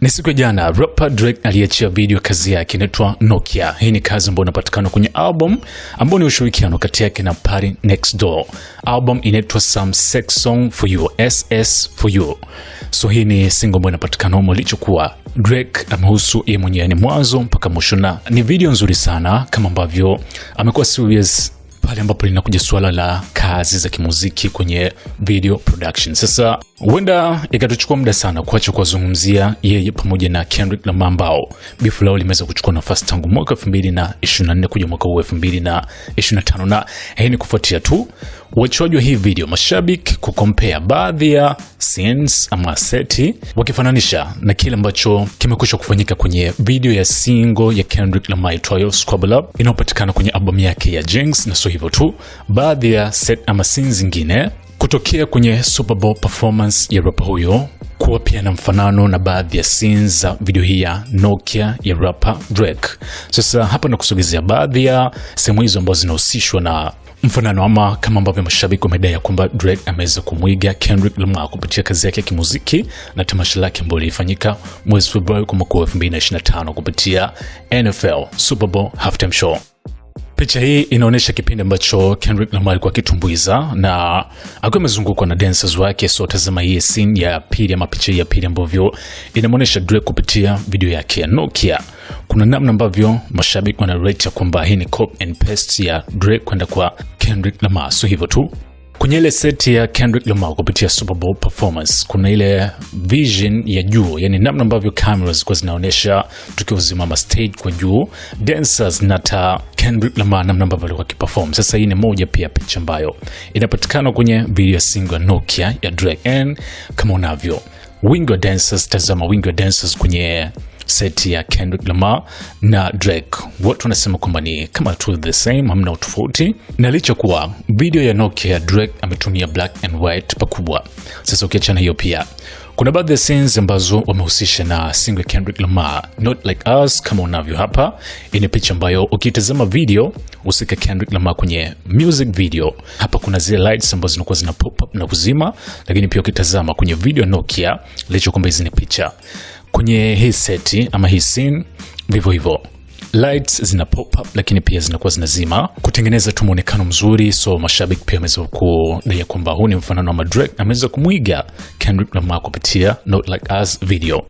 Ni siku ya jana rapper Drake aliachia video kazi yake inaitwa Nokia. Hii ni kazi ambayo inapatikana kwenye album ambayo ni ushirikiano kati yake na Party Next Door. Album inaitwa Some Sex Song for You, SS for You. So hii ni single ambayo inapatikana humo, ilichokuwa Drake amehusu yeye mwenyewe ni mwanzo mpaka mwisho, na ni video nzuri sana kama ambavyo amekuwa serious pale ambapo linakuja suala la kazi za kimuziki kwenye video production. Sasa huenda ikatuchukua muda sana kuacha kuwazungumzia yeye pamoja na Kendrick Lamar ambao bifu lao limeweza kuchukua nafasi tangu mwaka 2024 kuja mwaka huu 2025, na hii ni kufuatia tu Wachuaji wa hii video, mashabiki kukompea baadhi ya scenes ama seti, wakifananisha na kile ambacho kimekwisha kufanyika kwenye video ya single ya Kendrick Lamar itwayo Squabble Up inayopatikana kwenye albamu yake ya Jinx. Na sio hivyo tu, baadhi ya set ama scenes zingine kutokea kwenye Super Bowl performance ya rapa huyo kuwa pia na mfanano na baadhi ya scenes za video hii ya Nokia ya rapa Drake. Sasa hapa nakusogezea baadhi ya sehemu hizo ambazo zinahusishwa na Mfanano ama kama ambavyo mashabiki wamedai ya kwamba Drake ameweza kumwiga Kendrick Lamar kupitia kazi yake ya kimuziki na tamasha lake ambalo lilifanyika mwezi Februari kwa mwaka 2025 kupitia NFL Super Bowl halftime show. Picha hii inaonyesha kipindi ambacho Kendrick Lamar alikuwa akitumbuiza na akiwa amezungukwa na dancers wake. So tazama hii scene ya pili ama picha hii ya pili ambavyo inamwonyesha Drake kupitia video yake ya Nokia kuna namna ambavyo mashabiki wanarelate kwamba hii ni cop and paste ya Drake kwenda kwa Kendrick Lamar. So hivyo tu kwenye ile seti ya Kendrick Lamar kupitia Super Bowl performance, kuna ile vision ya juu, yani namna ambavyo cameras zilikuwa zinaonyesha tukio zima ma stage kwa juu, dancers na ta Kendrick Lamar, namna ambavyo alikuwa akiperform. Sasa hii ni moja pia picha ambayo inapatikana kwenye video ya single Nokia ya Drake, and kama unavyo wingi wa dancers, tazama wingi wa dancers kwenye seti ya Kendrick Lamar na Drake. Watu wanasema kwamba ni kama tu the same, hamna utofauti, na licha kuwa video ya Nokia ya Drake ametumia black and white pakubwa. Sasa ukiachana hiyo, pia kuna baadhi ya scenes ambazo wamehusisha na single Kendrick Lamar Not Like Us kama unavyo hapa. Ni picha ambayo ukitazama video usika Kendrick Lamar kwenye music video. Hapa kuna zile lights ambazo zinakuwa zina pop up na kuzima, lakini pia ukitazama kwenye video Nokia licho kwamba hizi ni picha Kwenye hii seti ama hii scene vivyo hivyo lights zina pop up lakini pia zinakuwa zinazima kutengeneza tu muonekano mzuri. So mashabiki pia wameweza kudai kwamba huu ni mfanano wa Drake ameweza kumwiga Kendrick Lamar kupitia Not Like Us video.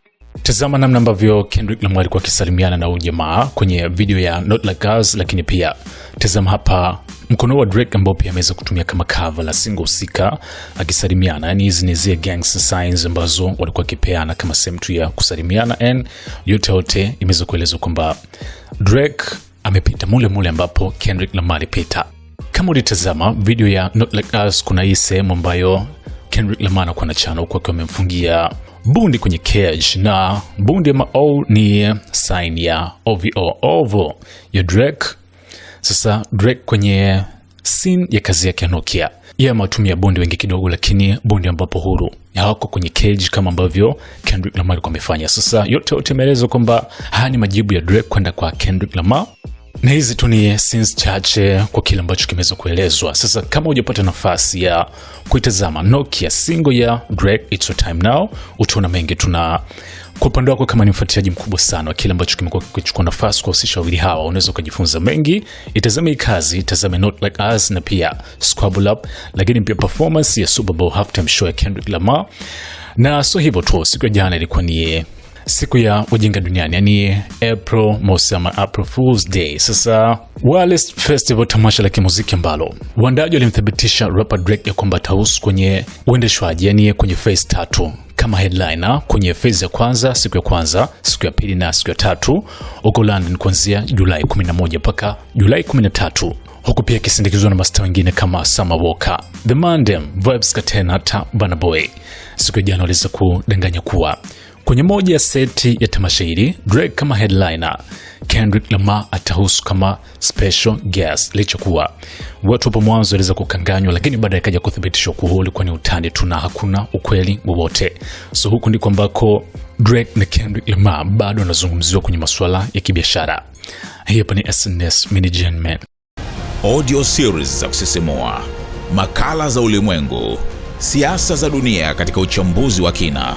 Tazama namna ambavyo Kendrick Lamar alikuwa akisalimiana na ujamaa jamaa kwenye video ya Not Like Us, lakini pia tazama hapa mkono wa Drake ambao pia ameweza kutumia kama cover la single husika akisalimiana. Yani hizi ni zile gangs signs ambazo walikuwa wakipeana kama sehemu tu ya kusalimiana, and yote yote imeweza kuelezwa kwamba Drake amepita mule mule ambapo Kendrick Lamar alipita. Kama ulitazama video ya Not Like Us, kuna hii sehemu ambayo Kendrick Lamar anakuwa na chana huku akiwa amemfungia bundi kwenye cage na bundi ama o ni sign ya OVO ovo ya Drake sasa Drake kwenye scene ya kazi yake Nokia yeye amewatumia bondi wengi kidogo, lakini bondi ambapo huru hawako kwenye cage kama ambavyo Kendrick Lamar amefanya. Sasa yote yote ameelezwa kwamba haya ni majibu ya Drake kwenda kwa Kendrick Lamar na hizi tu ni scenes chache kwa kile ambacho kimeweza kuelezwa. Sasa kama hujapata nafasi ya kuitazama Nokia single ya Drake It's Your Time Now, utaona mengi tuna kwa upande wako kama ni mfuatiliaji mkubwa sana wa kile ambacho kimekuwa kikichukua nafasi kuwahusisha wawili hawa, unaweza ukajifunza mengi. Itazame hii kazi, itazame Not Like Us na pia Squabble Up, lakini pia performance ya Super Bowl halftime show ya Kendrick Lamar. Na sio hivyo tu, siku ya jana ilikuwa ni siku ya ujinga duniani, yani April mosi ama April Fools Day. Sasa Wireless Festival, tamasha la kimuziki ambalo waandaji walimthibitisha rapper Drake ya kwamba atahusika kwenye uendeshwaji, yani kwenye phase tatu kama headliner kwenye phase ya kwanza siku ya kwanza, siku ya pili na siku ya tatu huko London kuanzia Julai 11 mpaka Julai 13 huku pia akisindikizwa na masta wengine kama sama Walker, The Mandem, vibes katena na hata Burna Siku ya jana waliweza kudanganya kuwa Kwenye moja ya seti ya tamasha hili, Drake kama headliner, Kendrick Lamar atahusu kama special guest. kuwa watu hapo mwanzo waliweza kukanganywa, lakini baadaye ikaja kuthibitishwa kuwa ulikuwa ni utani tu na hakuna ukweli wowote. So huku ndiko ambako Drake na Kendrick Lamar bado wanazungumziwa kwenye masuala ya kibiashara. Hii hapa ni SNS Management, audio series za kusisimua, makala za ulimwengu, siasa za dunia katika uchambuzi wa kina